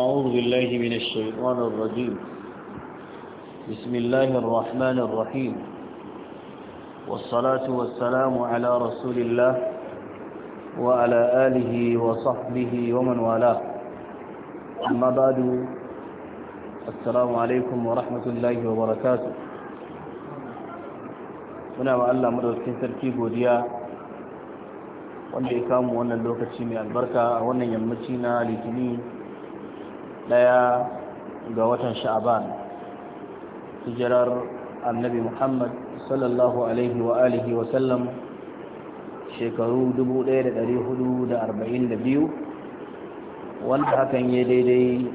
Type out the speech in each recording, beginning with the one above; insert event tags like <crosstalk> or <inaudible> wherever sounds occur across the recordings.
أعوذ بالله من الشيطان الرجيم بسم الله الرحمن الرحيم والصلاة والسلام على رسول الله وعلى آله وصحبه ومن والاه أما بعد السلام عليكم ورحمة الله وبركاته muna wa Allah madaukakin sarki godiya wanda ya kamu wannan lokaci mai albarka a wannan yammaci na litinin ɗaya ga watan sha'aban hijirar annabi muhammad sallallahu alaihi wa alihi wa sallam shekaru 1442 wanda hakan ya daidai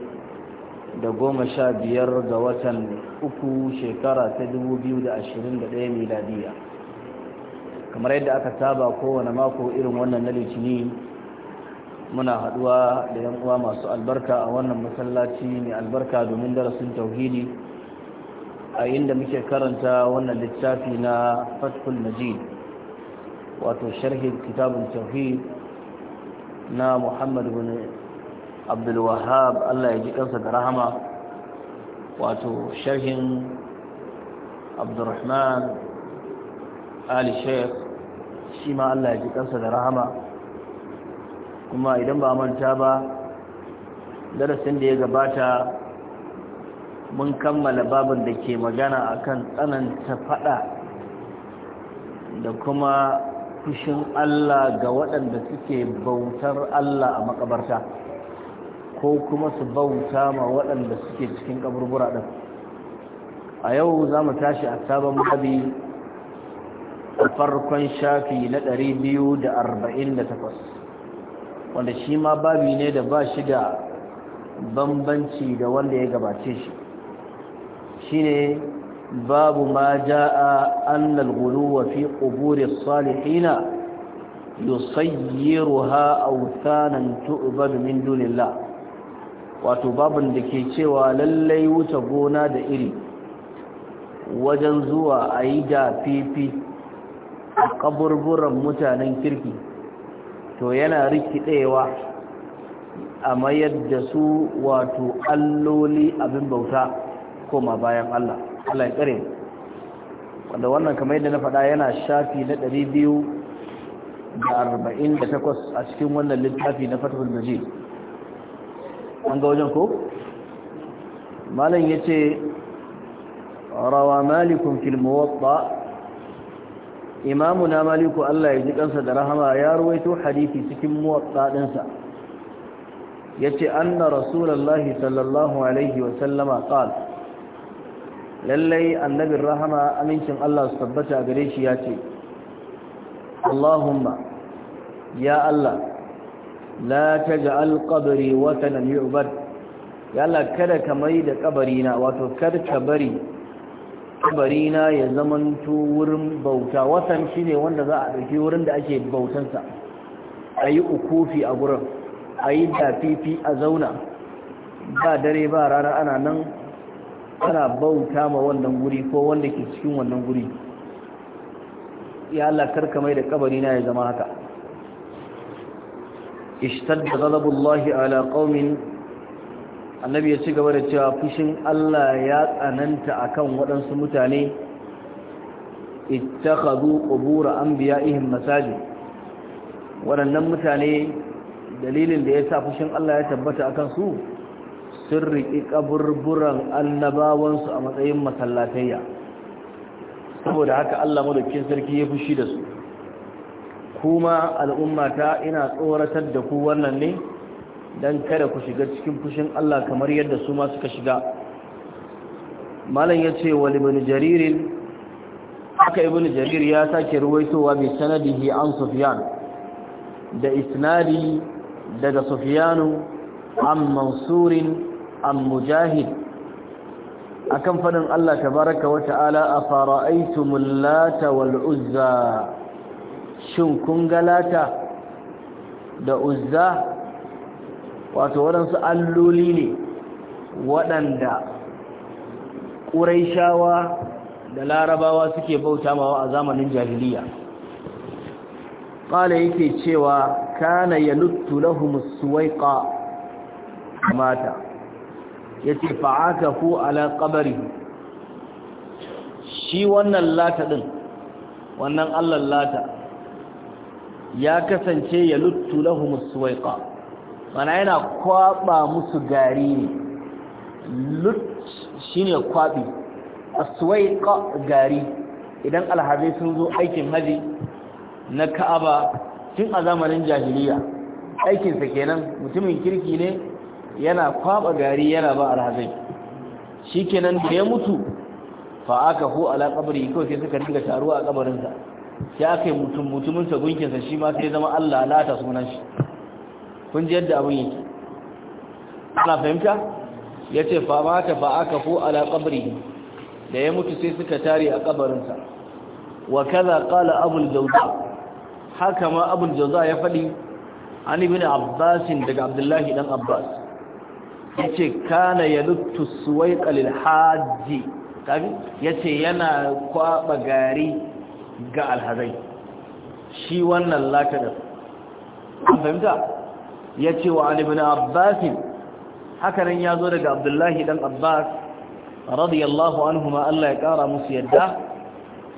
da goma sha biyar ga watan uku shekara ta 2021 miladiya kamar yadda aka saba kowane mako irin wannan na litinin muna haduwa da yan uwa masu albarka a wannan masallaci mai albarka domin darasin tauhidi a inda muke karanta wannan littafi na fatkul najid wato sharhin kitabun tauhid na muhammad bin abdulwahab allah ya ji kansa da rahama wato sharhin abdulrahman ali sheikh shi ma allah ya ji kansa da rahama kuma idan ba manta ba darasin da ya gabata mun kammala babin da ke magana a kan tsananta fada da kuma kushin Allah ga waɗanda suke bautar Allah a makabarta ko kuma su bauta ma waɗanda suke cikin kaburbura ɗin a yau za mu tashi a sabon babi a farkon shafi na 248 wanda shi ma babi ne da ba shi da bambanci da wanda ya gabace shi Shi ne babu ma ja'a annal wa fi quburi salihina yusayyiruha awthanan tu'badu min dunilla wato babin da ke cewa lallai wuce gona da iri wajen zuwa a yi da fifi a kaburburan mutanen kirki to yana rikidewa a mayar da su wato alloli abin bauta koma bayan Allah Allah ya kare wanda wannan kamar yadda na faɗa yana shafi na 248 a cikin wannan littafi na fatahul majid an ga wajen ko malam yace rawa malikun fil muwatta imamuna maliku Allah ya ji kansa da rahama ya ruwaito hadisi cikin muwaddadinsa yace anna rasulullahi sallallahu alaihi wa sallama qala lallai annabin rahama amincin Allah su tabbata gare shi yace Allahumma ya Allah la taj'al qabri watanan yu'bad ya Allah kada ka mai da kabarina wato kar ka bari kabarina ya zamanto wurin bauta watan shine wanda za a ɗauki wurin da ake bautansa a yi ukufi a gurin a yi dafifi a zauna ba dare ba rana ana nan ana bauta ma wannan guri ko wanda ke cikin wannan guri ya lakar da kabarina ya zama haka ishtadda ghadabullahi ala qaumin annabi ya ci gaba da cewa fushin Allah ya tsananta akan waɗansu mutane ittakhadhu qubur anbiya'ihim masajid waɗannan mutane dalilin da ya yasa fushin Allah ya tabbata akan su sun riƙi kaburburan annabawansu a matsayin masallatayya saboda haka Allah madaukin sarki ya fushi da su kuma al'ummata ina tsoratar da ku wannan ne don kada ku shiga cikin fushin Allah kamar yadda su ma suka shiga malam ya ce wani ibn jaririn haka ibn jarir ya sake ruwaitowa bi sanadihi an sufyan da isnadi daga sufyanu an mansurin an mujahid akan faɗin Allah tabaraka wa ta'ala a fara'aitu wal wal'uzza. shin kun ga lata da uzza wato waɗansu alloli ne waɗanda ƙuraishawa da larabawa suke bauta mawa a zamanin jahiliya ƙala yake cewa kana ya nuttu lahumus suwaiƙa mata ya ce fa'aka ku ala ƙabari shi wannan lata ɗin wannan allan lata ya kasance ya nuttu lahumus suwaiƙa mana yana kwaba musu gari ne lut shine kwabi aswaiqa gari idan alhazai sun zo aikin haji na Ka'aba tun a zamanin jahiliya Aikinsa sa kenan mutumin kirki ne yana kwaba gari yana ba alhazai kenan da ya mutu fa aka hu ala kabari kawai sai suka riga taruwa a kabarinsa. sai aka yi mutum mutumin sa shi ma sai zama Allah lata sunan shi kun ji yadda abin yake ana fahimta ya ce fa mata fa aka fo ala kabari da ya mutu sai suka tare a kabarinsa wa kaza kala abul jauza haka ma abul jauza ya faɗi an ibn abbasin daga abdullahi dan abbas ya ce kana ya lutu suwai kalil hajji ya ce yana kwaɓa gari ga alhazai shi wannan lakanin an fahimta ya ce wa alibin abbasin hakanan ya zo daga abdullahi dan abbas radiyallahu anhu ma Allah ya kara musu yadda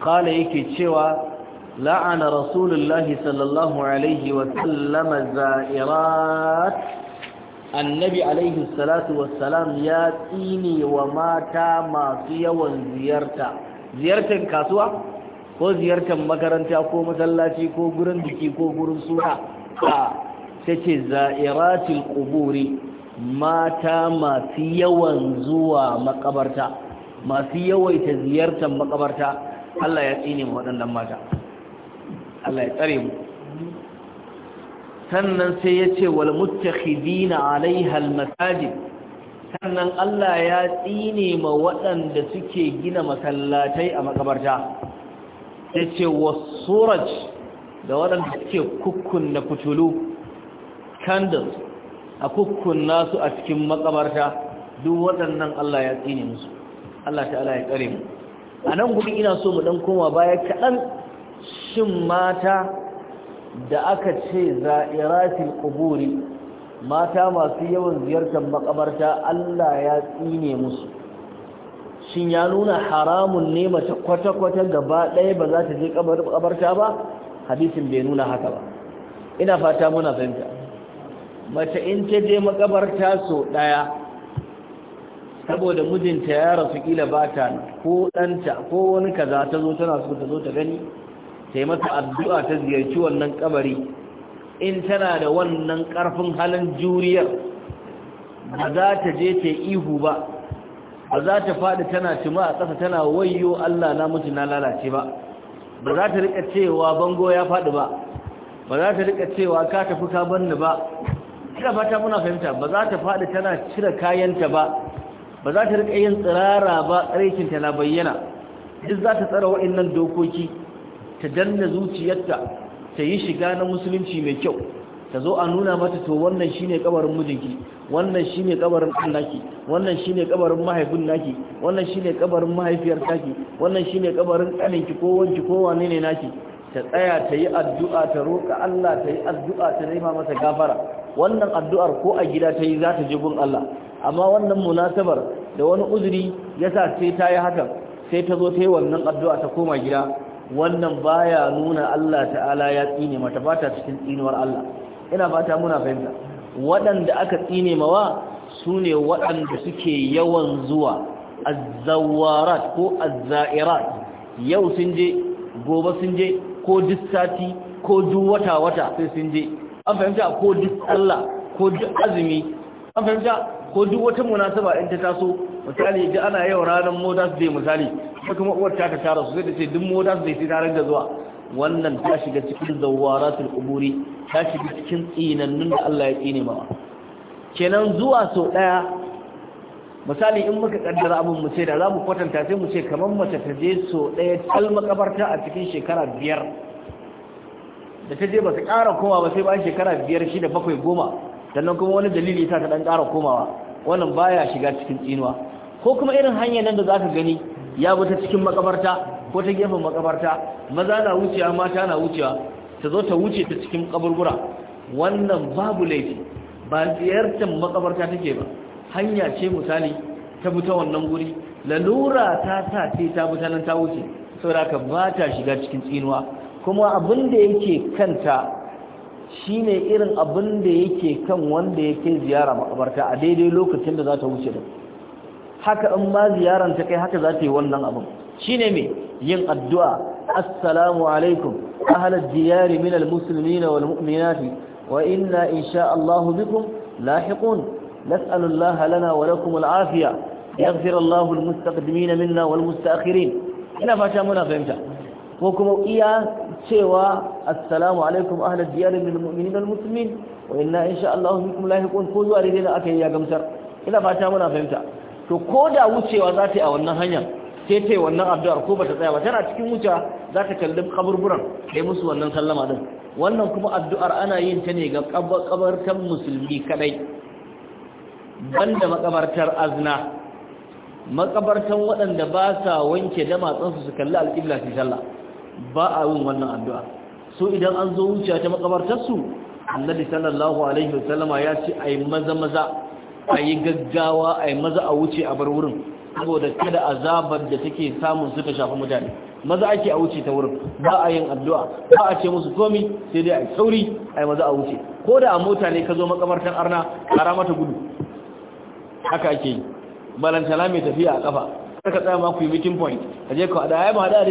kala yake cewa la'ana rasulullahi sallallahu alaihi wa sallama za'irat annabi alaihi salatu wassalam ya tsine wa mata masu yawan ziyarta ziyartar kasuwa ko ziyartar makaranta ko masallaci ko gurin biki ko gurin suna sai ce za'iratul kuburi, mata masu yawan zuwa makabarta masu yawaita ziyartar makabarta Allah ya tsine mu waɗannan mata Allah ya tsare mu sannan sai ya ce wal muttakhidina alaiha al masajid sannan Allah ya tsine ma waɗanda suke gina masallatai a makabarta ya ce wasuraj da waɗanda suke kukkun da fitulu candles a kukkunna su a cikin makabarta duk waɗannan Allah ya tsine musu Allah ta'ala ya kare mu a nan gudun ina so mu ɗan koma baya kaɗan shin mata da aka ce za'iratul quburi mata masu yawan ziyartar makabarta Allah ya tsine musu shin ya nuna haramun ne mace kwata-kwata gaba ɗaya ba za ta je kabarta ba hadisin bai nuna haka ba ina fata muna fahimta mace in ta je makabarta so ɗaya saboda mijinta ya rasu kila ba ta ko ɗanta ko wani kaza ta zo tana so ta zo ta gani sai masa addu'a ta ziyarci wannan kabari in tana da wannan ƙarfin halin juriyar ba za ta je ta ihu ba ba za ta faɗi tana cima a ƙasa tana wayyo Allah na mutu na lalace ba ba za ta riƙa cewa bango ya faɗi ba ba za ta riƙa cewa ka tafi ka banni ba ina fata muna fahimta ba za ta faɗi tana cire kayanta ba ba za ta riƙa yin tsirara ba tsaraikinta na bayyana duk za ta tsara waɗannan dokoki ta danna zuciyarta ta yi shiga na musulunci mai kyau ta zo a nuna mata to wannan shine kabarin mijinki wannan shine kabarin naki, wannan shine kabarin mahaifin naki wannan shine kabarin mahaifiyar taki wannan shine kabarin ƙaninki ko wanki ko wane ne naki ta tsaya ta yi addu'a ta roƙa Allah ta yi addu'a ta nema masa gafara wannan addu'ar ko a gida ta yi za ta je gun Allah amma wannan munasabar da wani uzuri yasa sai ta yi hakan sai ta zo ta wannan addu'a ta koma gida wannan baya nuna Allah ta'ala ya tsine mata ba ta cikin tsinuwar Allah ina fata muna fahimta waɗanda aka tsine mawa su ne waɗanda suke yawan zuwa azzawarat ko azzairat yau sun je gobe sun je ko duk sati ko duk wata wata sai sun je an fahimta ko duk Allah ko duk azumi an fahimta ko duk wata munasaba in ta taso misali idan ana yau ranar modas day misali ko kuma uwar ta tara su sai da ce duk modas day sai ta da zuwa wannan ta shiga cikin zawaratul quburi ta shiga cikin tsinannun da Allah ya tsine ba kenan zuwa sau daya misali in muka kaddara abin mu ce da za mu kwatanta sai mu ce kamar mace ta je sau daya kalma makabarta a cikin shekara biyar da ta je ba su ƙara koma ba sai ba shekara biyar shida bakwai goma sannan kuma wani dalili ta ta ɗan ƙara komawa wannan baya shiga cikin tsinuwa ko kuma irin hanyar nan da za ka gani ya bi ta cikin makabarta ko ta gefen makabarta maza na wucewa mata na wucewa ta zo ta wuce ta cikin kaburbura wannan babu laifi ba ziyartar makabarta take ba hanya ce misali ta bi wannan guri lalura ta sa ce ta fita nan ta wuce saboda ka ba ta shiga cikin tsinuwa kuma abin da yake kanta shine irin abin da yake kan wanda yake ziyara makabarta a daidai lokacin da za ta wuce da haka in ma ziyaran ta kai haka za ta yi wannan abin shine mai yin addu'a assalamu alaikum ahlal minal min almuslimina wal mu'minati wa inna insha Allah bikum lahiqun nas'alu lana wa lakum al'afiya yaghfir Allah almustaqdimina minna wal mustaakhirin ina fata muna fahimta ko kuma iya cewa assalamu alaikum ahlal diyar min almu'minin almuslimin wa inna insha Allah bikum lahiqun ko zuwa dai da aka yi ya gamsar ina fata muna fahimta to ko da wucewa za ta yi a wannan hanyar sai ta yi wannan addu'ar ko ba ta tsaya ba tana cikin wuta za ta kalli kaburburan da musu wannan sallama din wannan kuma addu'ar ana yin ta ne ga kabartan musulmi kadai banda makabartar azna makabartan waɗanda ba sa wanke matsansu su kalli alƙibla fi sallah ba a yin wannan addu'a so idan an zo wuce ta makabartarsu annabi sallallahu alaihi wasallama ya ce a yi maza maza a yi gaggawa a yi maza a wuce a bar wurin saboda kada azabar da take samun su ta shafi mutane maza ake a wuce ta wurin ba a yin addu'a ba a ce musu komi sai dai a sauri a yi maza a wuce ko da a mota ne ka zo makabartar arna kara mata gudu haka ake yi balantana mai tafiya a kafa ka tsaya ma ku yi meeting point ka je ka a ai ba hada da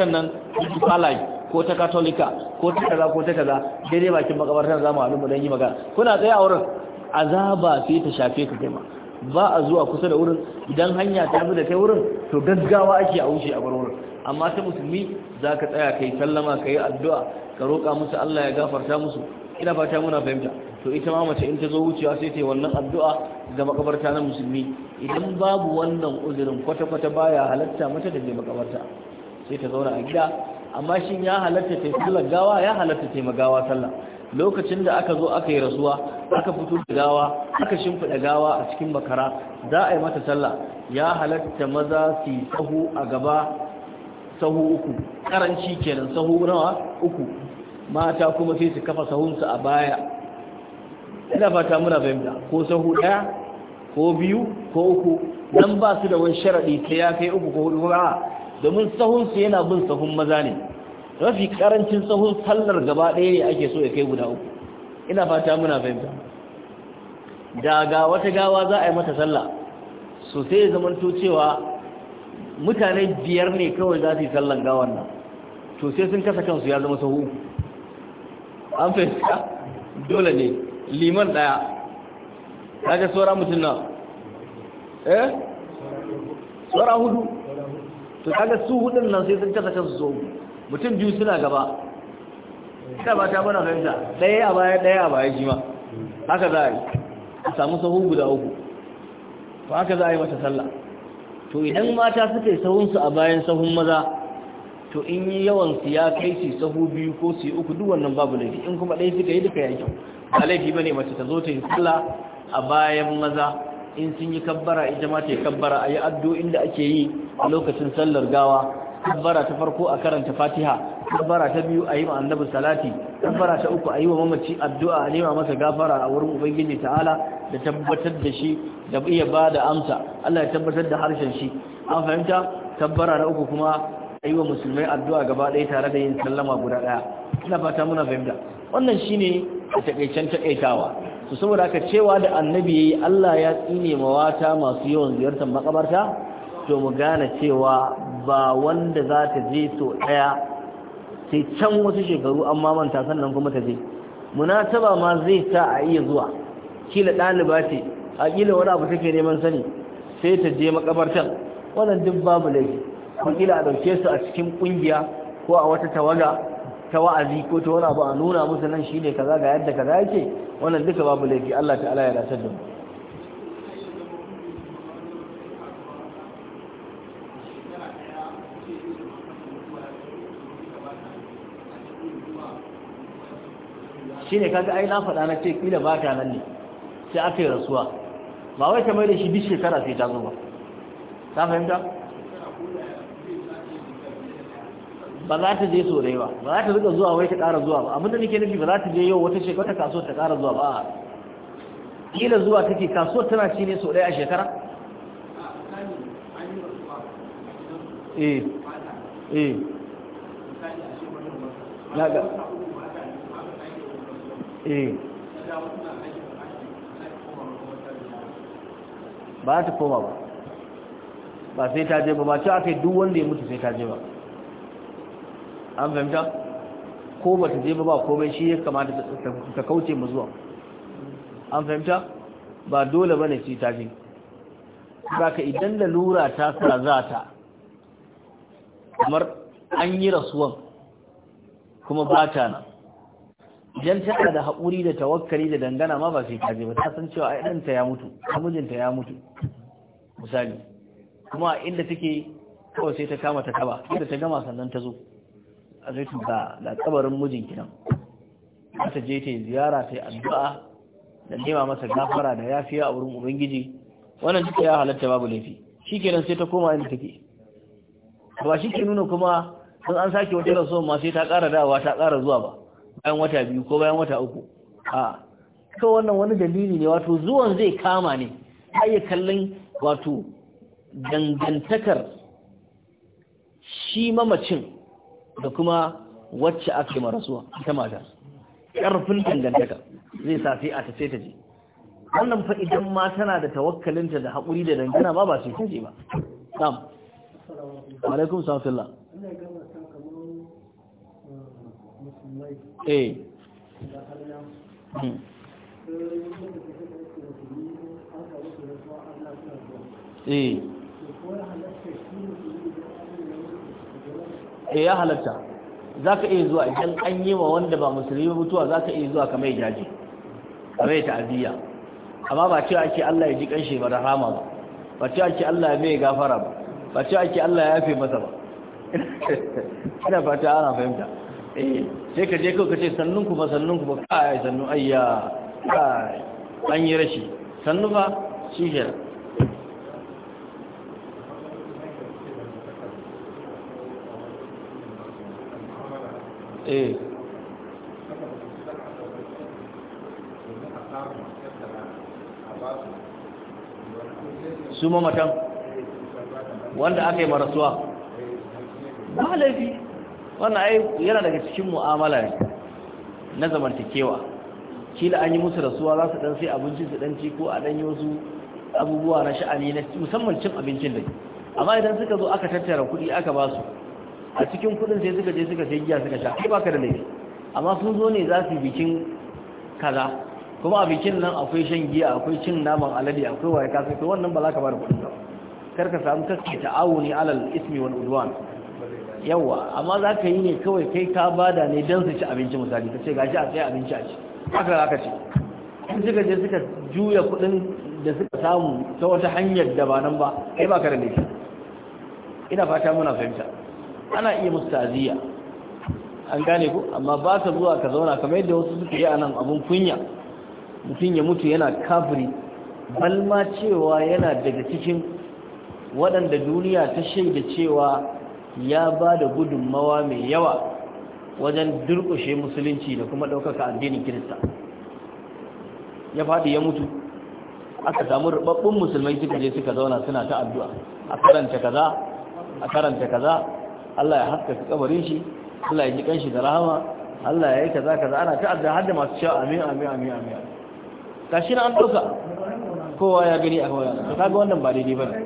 ne nan ku falai ko ta katolika ko ta kaza ko ta kaza daidai bakin za zamu halu mu dan yi magana kuna tsaya a wurin azaba sai ta shafe ka kai ma ba a zuwa kusa da wurin idan hanya ta bi da kai wurin to gaggawa ake a wuce a bar wurin amma ta musulmi za ka tsaya kai sallama ka yi addu'a ka roƙa musu Allah ya gafarta musu ina fata muna fahimta to ita ma mace in ta zo wucewa sai ta yi wannan addu'a ga makabarta na musulmi idan babu wannan uzurin kwata-kwata baya halatta mata da je makabarta sai ta zauna a gida amma shin ya halatta ta yi gawa ya halatta ta yi magawa sallah lokacin da aka zo aka yi rasuwa aka fito da gawa aka shimfiɗa gawa a cikin bakara za a yi mata sallah ya halatta maza su yi sahu a gaba sahu uku karanci kenan sahu nawa uku mata kuma sai su kafa sahunsu a baya ina fata muna fahimta ko sahu daya ko biyu ko uku dan ba su da wani sharadi ta ya kai uku ko hudu ko domin sahun su yana bin sahun maza ne mafi karancin sahun sallar gaba ɗaya ne ake so ya kai guda uku ina fata muna fahimta da ga wata gawa za a yi mata sallah so sai ya to cewa mutane biyar ne kawai za su yi sallan gawan nan to sai sun kasa kansu ya zama sahu an fahimta dole ne liman daya kaga saura mutum na eh saura hudu to kaga su hudun nan sai sun kasa su so mutum biyu suna gaba Ina ba ta bana fahimta daya a baya daya a baya jima haka za a yi a samu sahun guda uku to haka za a yi mata sallah to idan mata suka yi sahunsu a bayan sahun maza to in yi yawan ya kai su sahu biyu ko su yi uku duk wannan babu laifi in kuma ɗaya suka yi duka ya kyau ba laifi bane mace ta zo ta yi sallah a bayan maza in sun yi kabbara ita ma ta yi kabbara a yi addu'o'in da ake yi a lokacin sallar gawa kabbara ta farko a karanta fatiha kabbara ta biyu a yi wa annabi salati kabbara ta uku a yi wa mamaci addu'a a nema masa gafara a wurin ubangiji ta'ala da tabbatar da shi da iya ba da amsa Allah ya tabbatar da harshen shi an fahimta kabbara na uku kuma a yi wa musulmai addu'a gaba ɗaya tare da yin sallama guda ɗaya ina fata muna fahimta wannan shine a takaicen takaitawa su saboda haka cewa da annabi yayi Allah ya tsine mawata masu yawan ziyartar makabarta to mu gane cewa ba wanda za ta je so daya sai can wasu shekaru an mamanta sannan kuma ta je munasaba ma zai sa a iya zuwa kila ɗaliba ce a kila wani abu take neman sani sai ta je makabartar wannan duk babu laifi kila a ɗauke su a cikin ƙungiya ko a wata tawaga ta wa'azi ko ta wani abu a nuna musu nan shine kaza ga yadda kaza yake wannan duka babu laifi Allah ta'ala ya ratar da mu shine kaga ai na faɗa na ce kila ba ta nan ne sai aka yi rasuwa ba wai kamar da shi bishe shekara sai ta zo ba ta fahimta ba za ta je so da yawa ba za ta rika zuwa wai ta ƙara zuwa ba da nake nufi ba za ta je yau wata shekara kaso ta ƙara zuwa ba kila zuwa take kaso tana ci ne so ɗaya a shekara eh eh naga eh ba ta koma ba ba sai ta je ba ba ta aka yi duk wanda ya mutu sai ta je ba an fahimta ko ba ta je ba komai shi ya kamata ta kauce mu zuwa an fahimta ba dole bane shi ta je ka idan da lura ta sa za ta kamar an yi rasuwan kuma ba ta na idan ta da haƙuri da tawakkali da dangana ma ba sai ta je ba ta san cewa ai ta ya mutu mijinta ya mutu misali kuma inda take kawai sai ta kama ta kaba inda ta gama sannan ta zo a zai ga da kabarin mijin kinan ta je ta yi ziyara ta yi addu'a da nema masa gafara da yafiya a wurin ubangiji wannan duka ya halatta babu laifi shikenan sai ta koma inda take ba shi ke nuna kuma sun an sake wata rasuwa ma sai ta ƙara dawa ta ƙara zuwa ba bayan wata biyu ko bayan wata uku a to wannan wani dalili ne wato zuwan zai kama ne ya kallon wato dangantakar shi mamacin da kuma wacce aka yi marasuwa ita mata ƙarfin dangantaka zai sa sai a ta ta je wannan fa idan ma tana da tawakkalinta da haƙuri da dangana ba ba sai ta je ba sam alaikum sallallahu eh hmm. eh eh ya halatta zaka iya zuwa idan an yi wa wanda ba musulmi mutuwa zaka iya zuwa mai jaji mai ta'aziyya amma ba cewa ake Allah ya ji kanshi ba da rahama ba ba cewa ake Allah ya mai gafara ba ba cewa ake Allah ya yafe masa ba <laughs> ina fata ana fahimta eh sai ka je kawai ka ce sannun ku ba sannun ku ba ayi sannu ayya an yi rashi sannu ba shi kenan Eh. su ma matan wanda aka yi marasuwa ba laifi wannan ai yana daga cikin mu'amala ne na zamantakewa kila an yi musu rasuwa za su dan sai abinci su dan ci ko a dan yi wasu abubuwa na sha'ani na musamman cin abincin da amma idan suka zo aka tattara kuɗi aka ba su a cikin kudin sai suka je suka sai giya suka sha kai baka da laifi amma sun zo ne za su bikin kaza kuma a bikin nan akwai shan giya akwai cin naman alade akwai waye ka sai wannan ba za ka bada kudin ba kar ka samu kaske ta'awuni alal ismi wal udwan yawa amma za ka yi ne kawai kai ka bada ne dan su ci abinci misali ka ce gashi a tsaye abinci a ci haka za ka ce sun suka je suka juya kudin da suka samu ta wata hanyar da ba nan ba kai ba ka da laifi ina fata muna fahimta ana iya mustaziya an gane ku amma ba ta zuwa ka zauna kamar yadda wasu suke yi a nan abun kunya mutum ya mutu yana kafiri balma cewa yana daga cikin waɗanda duniya ta shaida cewa ya ba da gudunmawa mai yawa wajen durƙushe musulunci da kuma ɗaukaka addinin kirista ya faɗi ya mutu aka samu rubabbun musulmai suka je suka zauna suna ta addu'a a karanta kaza a karanta kaza Allah ya haskaka kabarin shi Allah ya ji kanshi da rahama Allah ya yi kaza kaza ana ta'adda, adda hadda masu cewa amin amin amin amin kashi na an doka kowa ya gani a kowa to kaga wannan ba daidai bane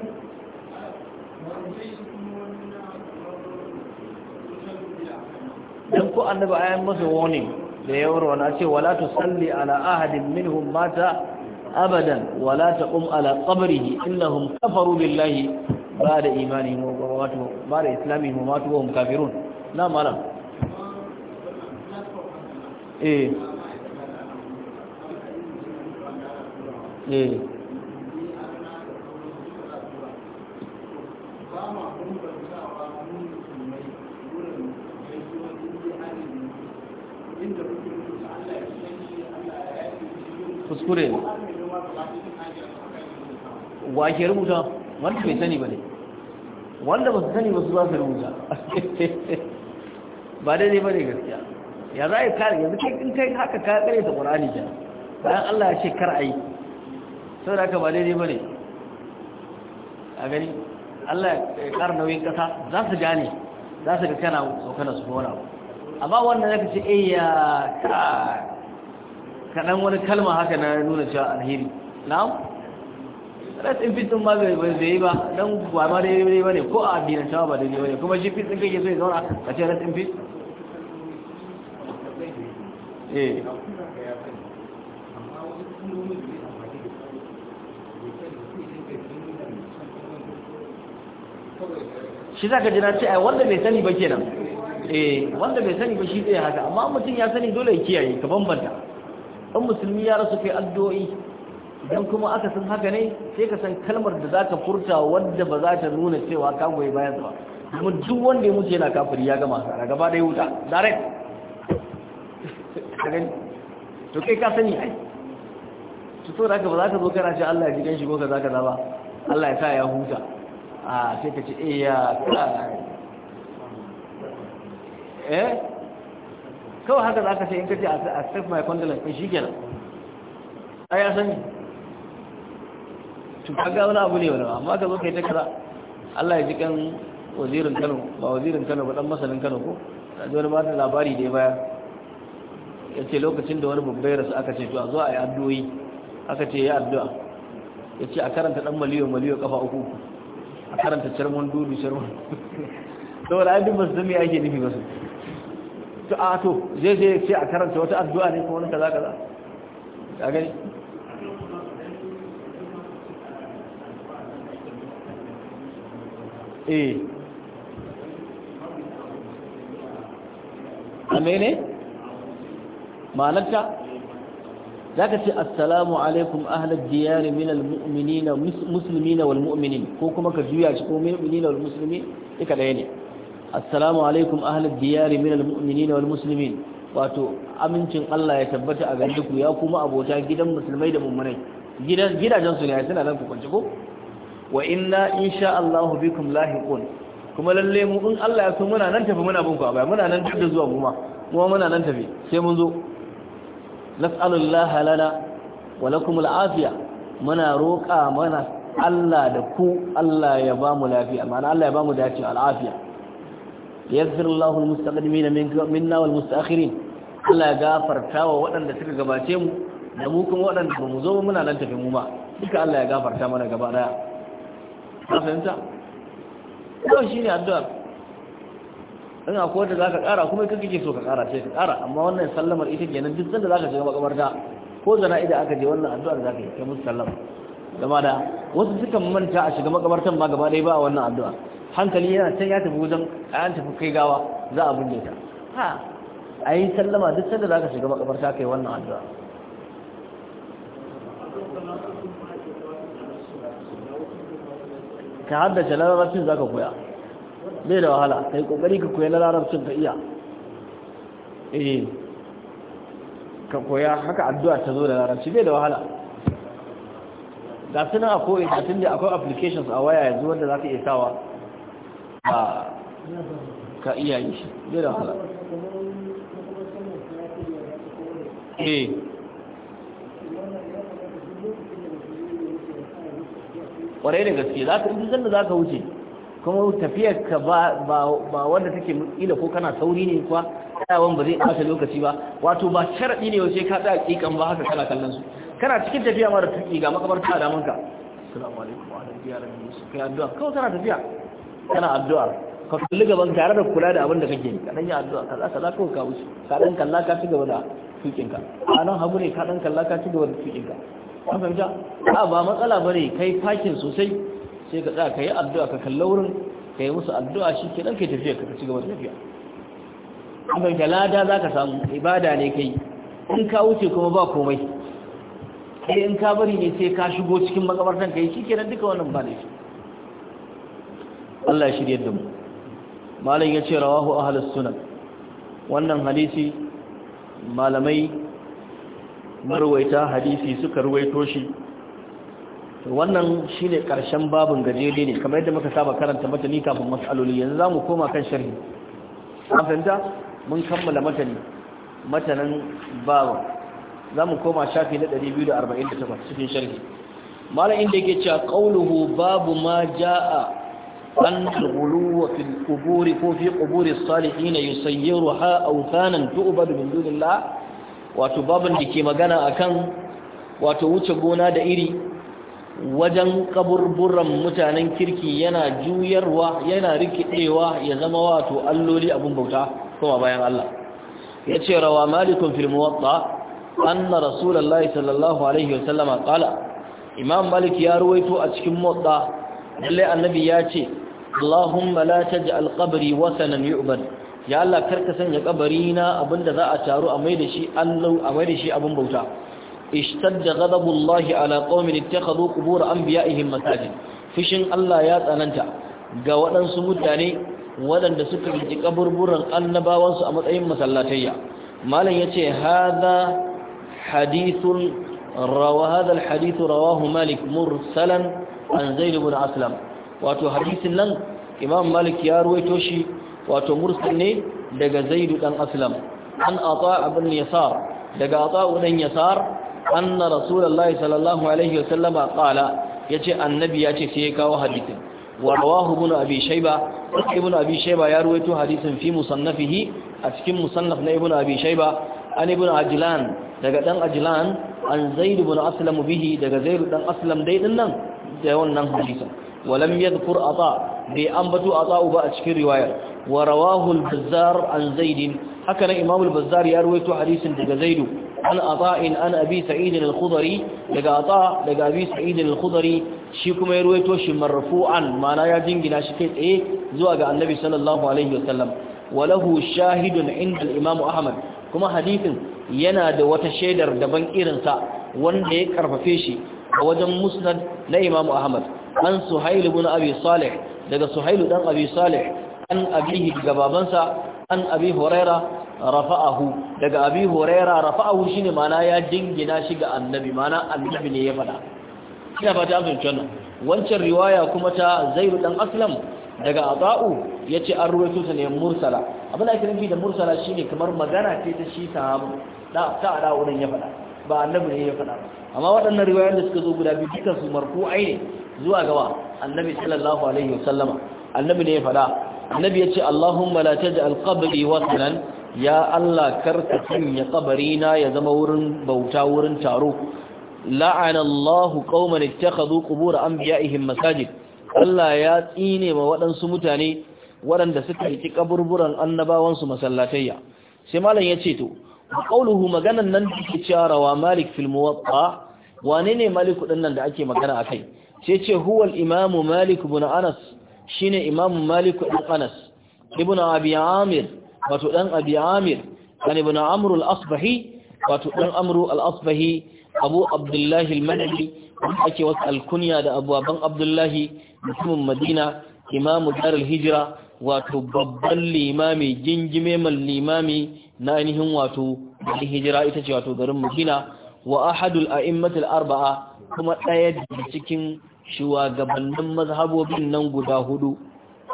dan ko annabi ayan masa warning da ya wuri wani ce wala tusalli ala ahadin minhum mata abadan wala taqum ala qabrihi innahum kafaru billahi بعد إيمانهم وماتوا بعد إسلامهم وماتوا وهم كافرون نعم ألم إيه إيه kuskure wa ke rubuta ثاني bai sani ba ne wanda ba su sani ba su ba su rubuta ba dai ba ne gaskiya ya za a yi kare yanzu kai in kai haka ka kare ta ƙwarani ke bayan allah ya ce kar a yi sau da aka ba dai ba ne a gani allah ya ƙara nauyin ƙasa za su gane za su ga kana tsokana su wani abu amma wannan ya kace eh ya ka kaɗan wani kalma haka na nuna cewa alheri na'am rasin fitin ma bai yi ba don ba ma daidai ba ne ko a addinin cewa ba daidai ba ne kuma shi fitin ke so ya zaura a ce rasin fit eh. shi za ka jina ce a wanda bai sani ba kenan eh wanda bai sani ba shi zai haka amma mutum ya sani dole ya kiyaye ka bambanta ɗan musulmi ya rasu kai addu'o'i idan kuma aka san haka ne sai ka san kalmar da za ka furta wadda ba za ta nuna cewa ka goyi bayan ba kuma duk wanda ya mutu yana kafiri ya gama a gaba ɗaya wuta direct to kai ka sani ai to so da haka ba za ka zo kana ce Allah ya ji ganshi ko ka za ka za ba Allah ya sa ya huta a sai ka ce eh ya eh kawai haka za ka sai in ka ce a accept my condolence eh, shi kenan ai ya sani to kaga wani abu ne wani amma ka zo kai ta kaza Allah ya ji kan wazirin Kano ba wazirin Kano ba dan masanin Kano ko da wani ba da labari da ya baya ya ce lokacin da wani babbai rasu aka ce to a zo a yi addu'o'i aka ce ya addu'a ya ce a karanta dan maliyo maliyo kafa uku a karanta charman dudu charman to wala duk ba su zama ake nufi ba su to a to zai zai ce a karanta wata addu'a ne ko wani kaza kaza ka gani eh a mene malarta za ka ce assalamu alaikum ahalar diyari min almu'minina musulmi na mu'minin ko kuma ka juya shi ko mu'minina na muslimin ika daya ne assalamu alaikum ahalar diyari min almu'minina na muslimin wato amincin Allah ya tabbata a gandu ku ya kuma abota gidan musulmai da mummunai gidajen su ne suna nan ku kwanci ko wa inna insha Allahu bikum lahiqun kuma lalle mu in Allah ya so muna nan tafi muna bin ku a baya muna nan duk da zuwa kuma kuma muna nan tafi sai mun zo nas'alullaha lana wa lakum al'afiya muna roƙa mana Allah da ku Allah ya bamu mu lafiya ma'ana Allah ya bamu mu dace al'afiya yaghfir Allahu al-mustaqdimina minna wal mustaakhirin Allah ya gafarta wa waɗanda suka gabace mu da mu kuma waɗanda ba mu zo muna nan tafi mu ba duka Allah ya gafarta mana gaba daya na yau shi ne addu'ar in akwai da za ka ƙara kuma kake ke so ka ƙara sai ka ƙara amma wannan sallamar ita ke nan duk da za ka shiga ta ko zana'ida aka je wannan addu'ar za ka yi ta musu sallama gama da wasu sukan manta a shiga makamartan ma gaba ɗaya ba a wannan addu'a hankali yana can ya tafi wajen an tafi kai gawa za a binne ta ha a yi sallama duk sanda za ka shiga makamarta ka yi wannan addu'a ka haddace lararrafin za ka koya bai da wahala ka yi ƙoƙari ka koya lararrafin ka iya eh ka koya haka addu'a ta zo da lararrafin bai da wahala ga suna a koyi da da akwai applications a waya yanzu wanda za ka iya sawa a ka iya yi shi bai da wahala eh kwarai da gaske za ka yi sanda za ka wuce kuma tafiyar ka ba wanda take ila ko kana sauri ne kuwa tsayawan ba zai ɓata lokaci ba wato ba sharaɗi ne wace ka tsaya ƙiƙan ba haka kana kallon su kana cikin tafiya mara tuƙi ga makabarta da manka assalamu alaikum wa alaikum su kai addu'a kawai kana tafiya kana addu'a ka kalli gaban tare da kula da abin da kake ka dan yi addu'a kaza kaza kawai ka wuce ka ɗan kalla ka ci gaba da tuƙinka a nan hagu ne ka ɗan kalla ka ci gaba da tuƙinka an a ba matsala ba ne kai fakin sosai sai ka tsaya ka yi addu'a ka kalla wurin ka yi musu addu'a shi ke ɗan tafiya ka ci gaba da tafiya an fahimta lada za ka samu ibada ne kai in ka wuce kuma ba komai sai in ka bari ne sai ka shigo cikin makabartan kai shi ke nan duka wannan ba shi Allah ya shirye da mu malam ya ce rawahu ahlus sunan wannan hadisi malamai marwaita hadisi suka ruwaito shi wannan shine karshen babin gajere ne kamar yadda muka saba karanta matani kafin matsaloli yanzu zamu koma kan sharhi an mun kammala matani matanan babin zamu koma shafi na 248 cikin sharhi malam inda yake cewa qauluhu babu ma jaa an al-ghuluw fi al-qubur ko fi qubur as-salihin yusayyiruha awthanan tu'badu min dunillah wato babin da ke magana akan wato wuce gona da iri wajen kaburburan mutanen kirki yana juyarwa yana rikidewa ya zama wato alloli abun bauta kuma bayan Allah ce rawa malikun fil muwatta anna rasulullahi sallallahu alaihi wasallama qala imam malik ya ruwaito a cikin muwatta lalle annabi ya ce allahumma la taj'al qabri wasanan yu'bad ya Allah karka sanya kabari na abinda za a taru a mai da shi Allah a mai da shi abin bauta ishtadda ghadabullahi ala qaumin ittakhadhu qubur anbiya'ihim masajid fushin Allah ya tsananta ga waɗansu mutane waɗanda suka riki kaburburan annabawansu a matsayin masallatayya malam yace hadha hadithun rawa hadha alhadith rawahu malik mursalan an zaid ibn aslam wato hadisin nan imam malik ya ruwaito shi wato mursal ne daga zaidu dan aslam an ata abin yasar daga ata dan yasar anna rasulullahi sallallahu alaihi wasallam qala yace annabi yace sai ya kawo hadisin wa rawahu ibn abi shayba ibn abi shayba ya ruwaito hadisin fi musannafihi a cikin musannaf na ibn abi shayba an ibn ajlan daga dan ajlan an zaid ibn aslam bihi daga zaid dan aslam dai din nan da wannan hadisin ولم يذكر عطاء بأنبتوا عطاء a cikin riwayar wa rawahu al-bazzar an zaid ya rawaito hadisin daga zaid an ata'in an abi sa'id al daga ata daga abi sa'id al shi kuma ya rawaito shi marfu'an mana ya jingina shi kai tsaye zuwa ga annabi sallallahu walahu wasallam shahidun inda imam ahmad kuma hadisin yana da wata shaidar daban irin irinsa wanda ya karfafe shi a wajen musnad na imam ahmad an suhailu bin abi salih daga suhailu dan abi salih an abihi daga babansa an abi huraira rafa'ahu daga abi huraira rafa'ahu shine mana ya dingina shi ga annabi mana annabi ne ya fada ina ba ta fahimci wannan wancan riwaya kuma ta zairu dan aslam daga azau yace an ruwaito ta ne mursala abin da ake nufi da mursala shine kamar magana ce ta shi sahabu da ta ada wurin ya fada ba annabi ne ya fada amma waɗannan riwayoyin da suka zo guda biyu dukkan su marfu'ai ne zuwa gaba annabi sallallahu alaihi wasallama annabi ne ya fada annabi ya ce Allahumma la taj'al qabri watanan ya Allah karka sanya kabarina ya zama wurin bauta wurin taro la'ana Allahu qauman ittakhadhu qubur anbiya'ihim masajid Allah ya tsine ma wadansu mutane waɗanda suka yi kaburburan annabawansu masallatayya sai malam ya ce to qauluhu maganan nan da ke wa Malik fil Muwatta wane ne Malik din nan da ake magana akai sai ce huwa al-Imam Malik ibn Anas shine imam malik ibn anas ibn abi amir wato dan abi amir kan ibn amr al-asbahi wato dan amru al-asbahi abu abdullah al-madani ake wasu alkunya da abubaban abdullahi mutumin madina imam dar al-hijra wato babban limami gingime mal limami na ainihin wato da hijira ita ce wato garin madina wa ahadul a'immatul arba'a kuma ɗaya daga cikin shugabannin mazhabobin nan guda hudu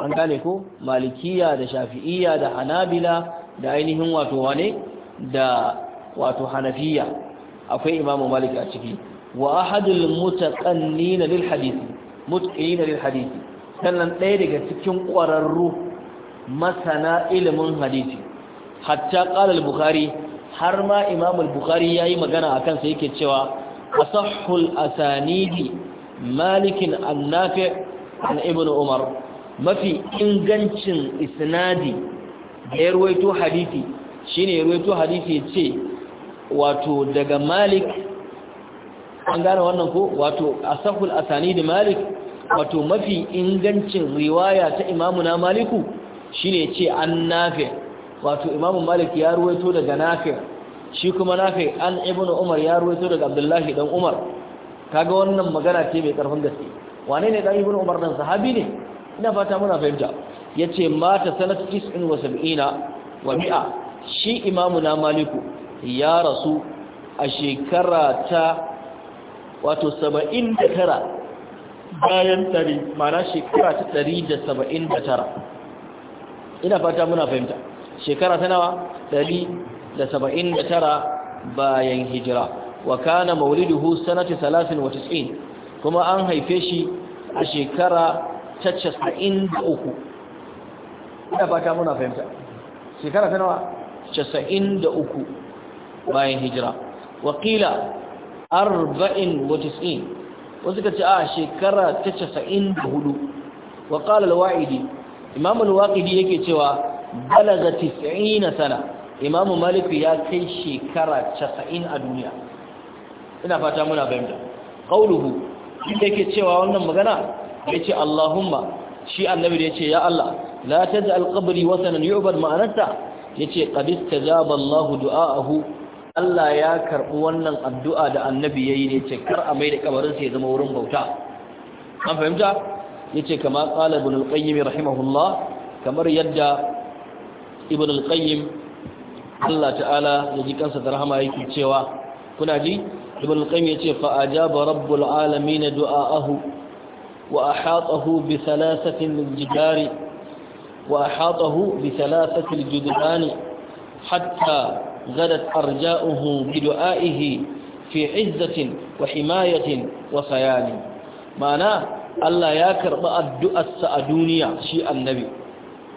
an gane ko malikiya da shafi'iyya da hanabila da ainihin wato wane da wato hanafiya akwai imamu malik a ciki wa ahadul mutaqannina lil hadith mutqina lil sannan ɗaya daga cikin ƙwararru masana ilimin hadisi hatta qala al-bukhari har ma imamu al-bukhari yayi magana akan sa yake cewa asahhul asanidi malikin annafi an ibn umar mafi ingancin isnadi da ya ruwaito hadisi shine ya ruwaito hadisi ce wato daga malik an gane wannan ko wato asahul asani da malik wato mafi ingancin riwaya ta imamu na maliku shine ce an nafi wato imamu malik ya ruwaito daga nafi shi kuma nafi an ibn umar ya ruwaito daga abdullahi dan umar kaga wannan magana ce mai karfin gaske wane ne dan ibn umar dan sahabi ne ina fata muna fahimta yace mata sanat 79 wa mi'a shi imamu na maliku ya rasu a shekara ta wato 79 bayan tari mana shekara ta 179 ina fata muna fahimta shekara ta nawa 179 bayan hijira wa kana mauliduhu sanata 93 kuma an haife shi a shekara ta 93 ina fata muna fahimta shekara ta nawa 93 bayan hijira wa qila 94 wasu ka ce a shekara ta 94 wa qala al-wa'idi imam al-waqidi yake cewa balaga 90 sana imamu maliku ya kai shekara 90 a duniya ina fata muna fahimta qauluhu inda yake cewa wannan magana yace Allahumma shi annabi yace ya Allah la taj'al qabri wasanan yu'bad ma'anata yace qad istajaba Allahu du'aahu Allah ya karbi wannan addu'a da annabi yayi ne ce kar a mai da kabarin sa ya zama wurin bauta an fahimta yace kama qala ibn al-qayyim rahimahullah kamar yadda ibn al-qayyim Allah ta'ala ya ji kansa da rahama yake cewa kuna ji ibn qayyim yace fa ajaba rabbul alamin du'aahu wa ahatahu bi thalathatin al-jidari wa ahatahu bi thalathati al hatta zadat arja'uhu bi du'aihi fi 'izzatin wa himayatin wa sayani ma'ana Allah ya karba addu'arsa a duniya shi annabi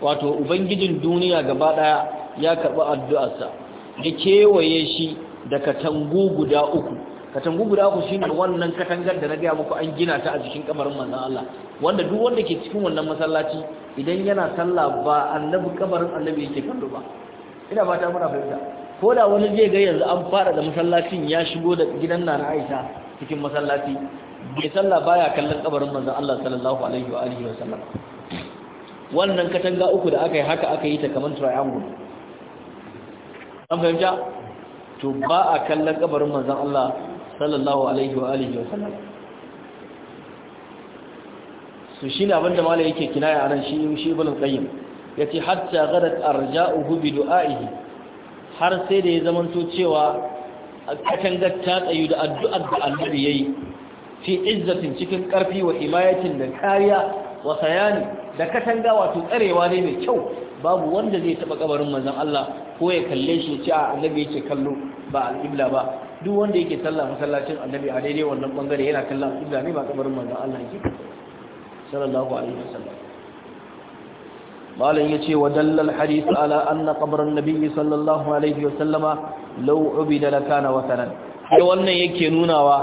wato ubangijin duniya gaba daya ya karba addu'arsa ya kewaye shi da katangu guda uku katangu guda uku shine wannan katangar da na gaya muku an gina ta a cikin kabarin manzon Allah wanda duk wanda ke cikin wannan masallaci idan yana sallah ba annabi kabarin annabi yake kallo ba ina fata muna fahimta ko da wani zai ga yanzu an fara da masallacin ya shigo da gidan nana Aisha cikin masallaci bai sallah baya kallon kabarin manzon Allah sallallahu alaihi wa alihi wa sallam wannan katanga uku da aka yi haka aka yi ta kamar triangle an fahimta to ba a kallon kabarin manzan Allah sallallahu alaihi wa alihi wa sallam su shi ne abinda mala yake kinaya a nan shi shi ibn qayyim yace hatta ghadat arja'uhu bi du'a'ihi har sai da ya zamanto cewa a katangar ta tsayu da addu'ar da annabi yayi fi izzatin cikin karfi wa himayatin da kariya wa sayani da katanga wato tsarewa ne mai kyau babu wanda zai taba kabarin manzon Allah ko ya kalle shi ya ce a annabi yake kallo ba al'ibla ba duk wanda yake sallah masallacin annabi a daidai wannan bangare yana kallon al'ibla ne ba kabarin manzon Allah yake sallallahu alaihi wasallam malam yace wa dallal hadith ala anna qabran nabiy sallallahu alaihi wasallama law ubida lakana watanan sai wannan yake nunawa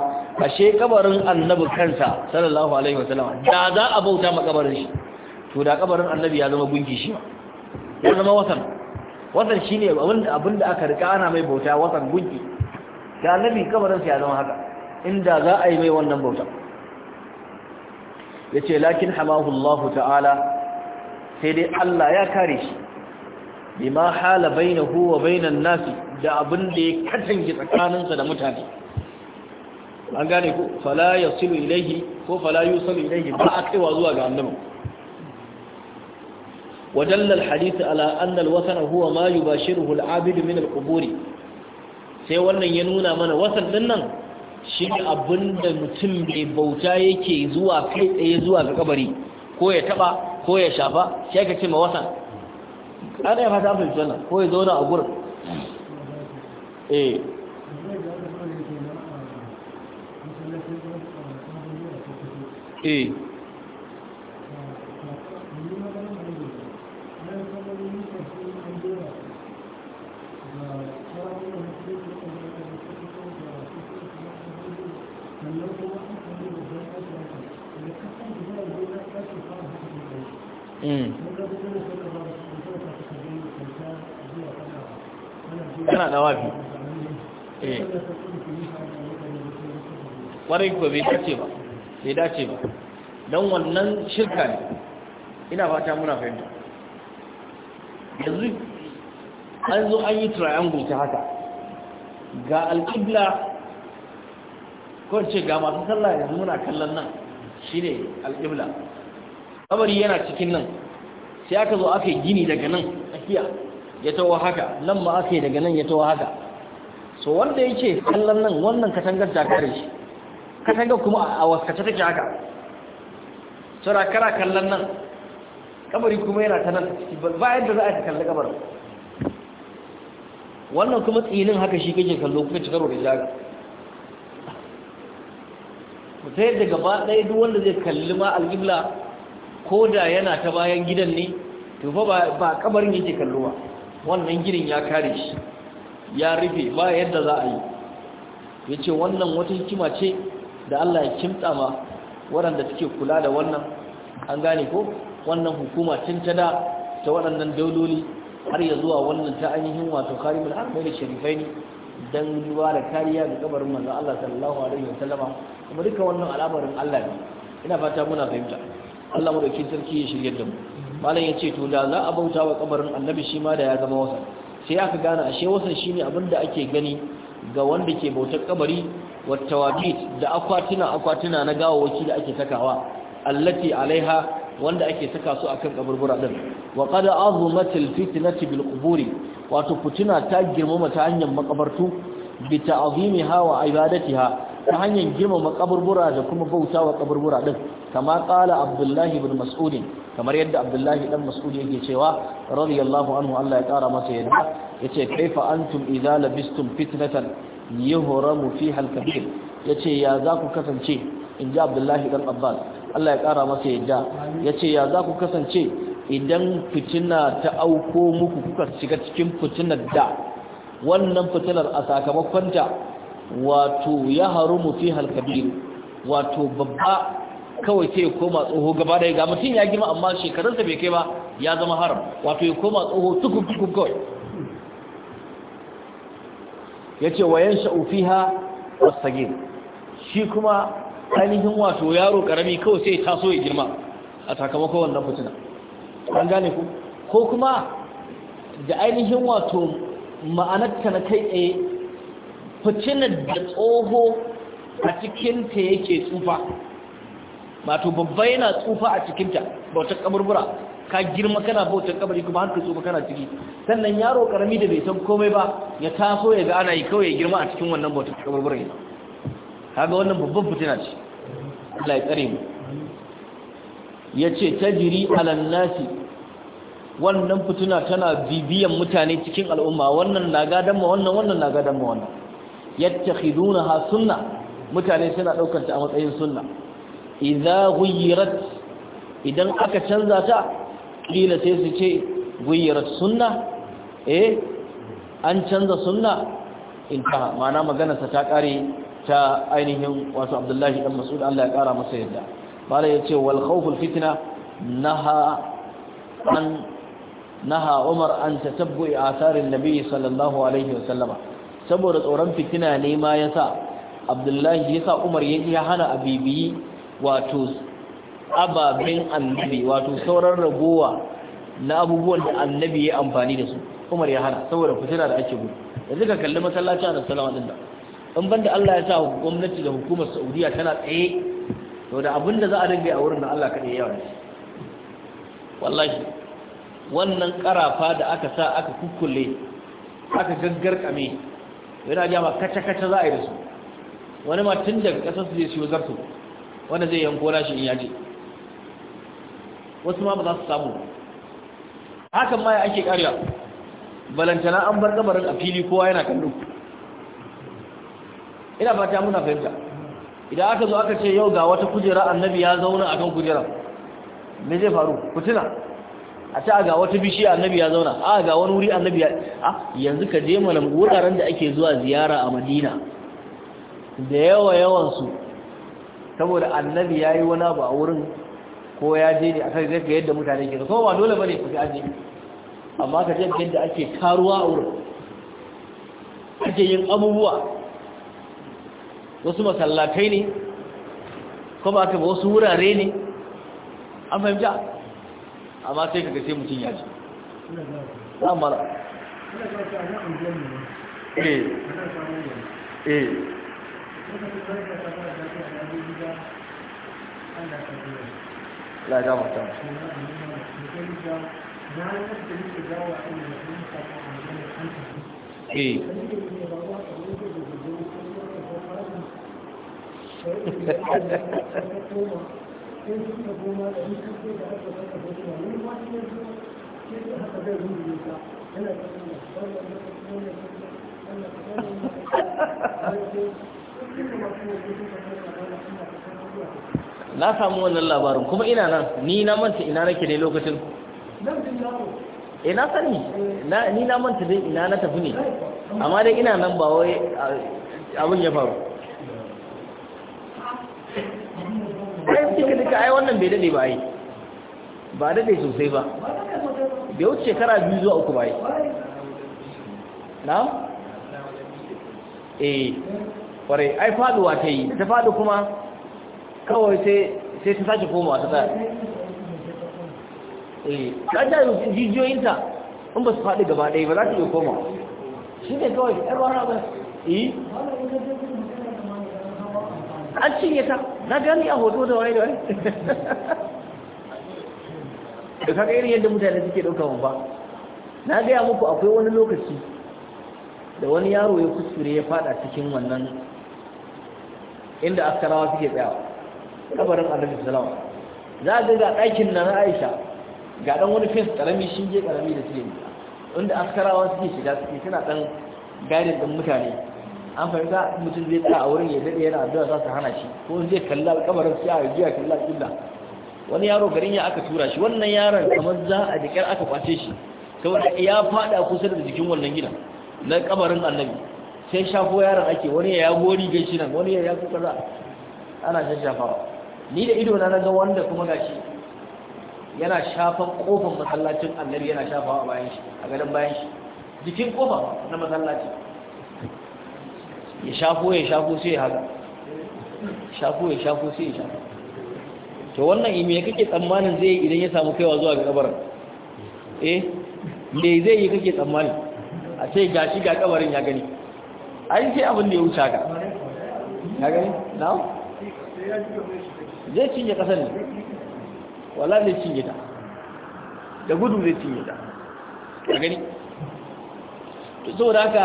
ashe kabarin annabi kansa sallallahu alaihi wasallama da za a bauta ma shi to da kabarin annabi ya zama gunki ya zama watan watan shine abin da aka rika ana mai bauta watan gunki ga annabi kabarin sa ya zama haka inda za a yi mai wannan bauta yace lakin hamahu Allah ta'ala sai dai Allah ya kare shi bima hala bainahu wa bainan nasi da abin da ya katange tsakaninsa da mutane an gane ko fala yasilu ilayhi ko fala yusalu ilayhi ba a kaiwa zuwa ga annabi ودل الحديث على أن الوثن هو ما يباشره العابد من القبور sai wannan ya nuna mana wasan din nan shi abinda mutum mai bauta yake zuwa kai tsaye zuwa ga kabari ko ya taba ko ya shafa shi aka ce ma wasan An ya fata fahimci wannan ko ya zauna a gurin eh eh sallah na wafi eh kwarai ko bai dace ba bai dace ba don wannan shirka ne ina fata muna fahimta yanzu an zo an yi triangle ta haka ga alƙibla kawance ga masu sallah yanzu muna kallon nan shi ne alƙibla kabari yana cikin nan sai aka zo aka yi gini daga nan tsakiya ya tawo haka nan ma ake daga nan ya tawo haka so wanda ya ce kallon nan wannan katangar ta kare shi katangar kuma a waskace take haka sura kara kallon nan kabari kuma yana ta nan ba yadda za a ta kalli kabarin wannan kuma tsinin haka shi kake kallo kuka ci karo da jaga ta yadda gaba ɗaya duk wanda zai kalli ma alƙibla ko da yana ta bayan gidan ne to fa ba kabarin yake kallo ba wannan girin ya kare shi ya rufe ba yadda za a yi ya ce wannan wata hikima ce da Allah ya kimta ma waɗanda suke kula da wannan an gane ko wannan hukuma tun ta da ta waɗannan dauloli har ya zuwa wannan ta ainihin wato karimul harbai da sharifai ne don ruwa da kariya da kabarin manzon Allah sallallahu alaihi wasallama kuma duka wannan al'amarin Allah ne ina fata muna fahimta Allah mu dauki sarki ya shirya da mu malam ya ce to da za a bauta wa kabarin annabi shi ma da ya zama wasan sai aka gane ashe wasan shi ne abinda ake gani ga wanda ke bautar kabari wata wabit da akwatuna akwatuna na gawawaki da ake takawa, allati alaiha wanda ake saka su akan kaburbura din wa qad azumatil fitnati bil quburi wato fitina ta girmama ta hanyar makabartu bi ta'zimiha wa ibadatiha ta hanyar girmama kaburbura da kuma bautawa kaburbura din kama qala abdullahi bin mas'ud kamar yadda abdullahi dan mas'ud yake cewa radiyallahu anhu Allah ya kara masa yadda yace kaifa antum idza labistum fitnatan yuhramu fiha al-kabir yace ya za ku kasance inji abdullahi dan abbas Allah ya kara masa yadda yace ya za ku kasance idan fitina ta auko muku kuka shiga cikin fitinar da wannan fitinar a sakamakonta wato ya harumu fi halkabiru wato babba kawai sai ya koma tsoho gaba da ga mutum ya gima amma shekarunsa bai kai ba ya zama haram wato ya koma tsoho tukub kawai ya ce wayan wasta gini shi kuma ainihin wato yaro karami kawai sai ya taso ya girma a takamakon wannan mutuna an gane ku ko kuma da ainihin wato ma'anarta na kai tsaye fitinar da tsoho a cikinta yake tsufa to babba yana tsufa a cikinta bautar kaburbura ka girma kana bautar kabari kuma hankali tsufa kana ciki sannan yaro karami da bai san komai ba ya taso ya ga ana yi kawai ya girma a cikin wannan bautar kaburbura ne kaga wannan babban fitina ce Allah ya tsare mu yace tajri alan nasi wannan fitina tana bibiyan mutane cikin al'umma wannan na gadon ma wannan wannan na gadon ma wannan yattakhidunaha sunna mutane suna daukar ta a matsayin sunna idza ghayyirat idan aka canza ta kila sai su ce ghayyirat sunna eh an canza sunna intaha ma'ana magana sa ta kare ta ainihin wasu Abdullahi dan Mas'ud Allah ya kara masa yadda mala yace wal khawful fitna naha an naha Umar an tatabbu'i atharin nabi sallallahu alaihi wasallama saboda tsoron fitina ne ma yasa abdullahi yasa umar ya iya hana abibiyi wato ababen annabi wato sauran ragowa na abubuwan da annabi ya amfani da su umar ya hana saboda fitina da ake gudu da suka kalli masallaci a ɗin da. in da Allah ya sa gwamnati da hukumar Saudiya tana tsaye to da abin da za a dinga a wurin da Allah kaɗai ya wani wallahi wannan ƙarafa da aka sa aka kukkule aka gaggar kame yana ga kaca kaca za a yi da su wani ma tun daga kasar su zai siyo zarto wanda zai yanko na shi in yaje wasu ma ba za su samu hakan ma ya ake karya balantana an bar kabarin a fili kowa yana kallo ina fata muna fahimta idan aka zo aka ce yau ga wata kujera annabi ya zauna akan kujera, me zai faru ku a ta ga wata bishiya annabi ya zauna a ga wani wuri annabi ya a yanzu ka je malam wuraren da ake zuwa ziyara a madina da yawa yawansu saboda annabi ya yi wani abu a wurin ko ya je ne a kan zai yadda mutane ke kuma ba dole ba ne ka aje amma ka je yadda ake karuwa a wurin ake yin abubuwa wasu masallatai ne kuma aka ba wasu wurare ne an fahimta amma sai ka sai mutum ya ji an eh eh la eh <laughs> <laughs> na samu wannan labarin kuma ina nan ni na manta ina nake ne lokacin eh na sani ni na manta dai ina na tafi ne amma dai ina nan ba wai abin ya faru ka ai wannan bai dade ba ai ba dade sosai ba bai wuce shekara biyu zuwa uku ba ai na eh kwarai ai faduwa ta yi ta fadu kuma kawai sai sai ta sake komawa ta tsaya eh ta ta jijiyoyinta in ba su fadi gaba ɗaya ba za ta yi koma shi ne kawai ɗan rana ba eh an cinye ta na gani a hoto da wani da wani. da kaga irin yadda mutane suke ɗauka mu ba na gaya muku akwai wani lokaci da wani yaro ya kuskure ya fada cikin wannan inda askarawa suke tsayawa kabarin annabi sallallahu za a ga ɗakin na Aisha ga dan wani fence karami shinge karami da suke inda askarawa suke shiga suke suna dan gadin din mutane an fahimta mutum zai tsaya a wurin ya daɗe yana addu'a za su hana shi ko zai kalla alƙabarin sai a jiya kalla kulla wani yaro garin ya aka tura shi wannan yaron kamar za a jikar aka kwace shi saboda ya faɗa kusa da jikin wannan gidan na kabarin annabi sai shafo yaron ake wani ya gori shi nan wani ya kuka za ana shafawa. ni da ido na ga wanda kuma shi yana shafan kofar masallacin annabi yana shafawa a bayan shi a garin bayan shi jikin kofa na masallacin ya shafo ya shafo sai ya haka shafo ya shafo sai ya shafo to wannan ime ya kake tsammanin zai yi idan ya samu kaiwa zuwa ga kabarin eh me zai yi kake tsammanin a ce gashi ga kabarin ya gani ai sai abin da ya wuce haka ya gani na zai cinye kasar ne wala zai cinye ta da gudu zai cinye ta ya gani to saboda haka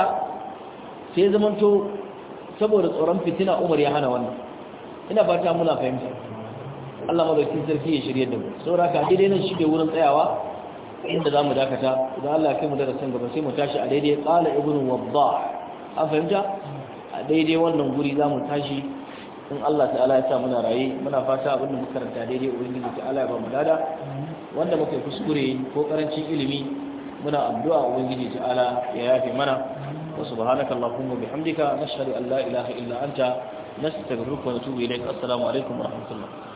sai zamanto saboda tsoron fitina umar ya hana wannan ina muna fahimta Allah madaukakin sarki ya shirye da mu saboda ka daidai nan shi ne wurin tsayawa inda za mu dakata da Allah kai mu darasin gaba sai mu tashi a daidai qala ibnu waddah an fahimta a daidai wannan guri za mu tashi in Allah ta'ala ya sa muna raye muna fata abin da muka karanta daidai ubangiji ta'ala ya ba mu dada wanda muka kuskure ko karancin ilimi muna addu'a ubangiji ta'ala ya yafe mana subhanaka allahumma bihamdika nashhadu an la ilaha illa anta nastaghfiruka wa natubu ilayk assalamu alaikum wa rahmatullah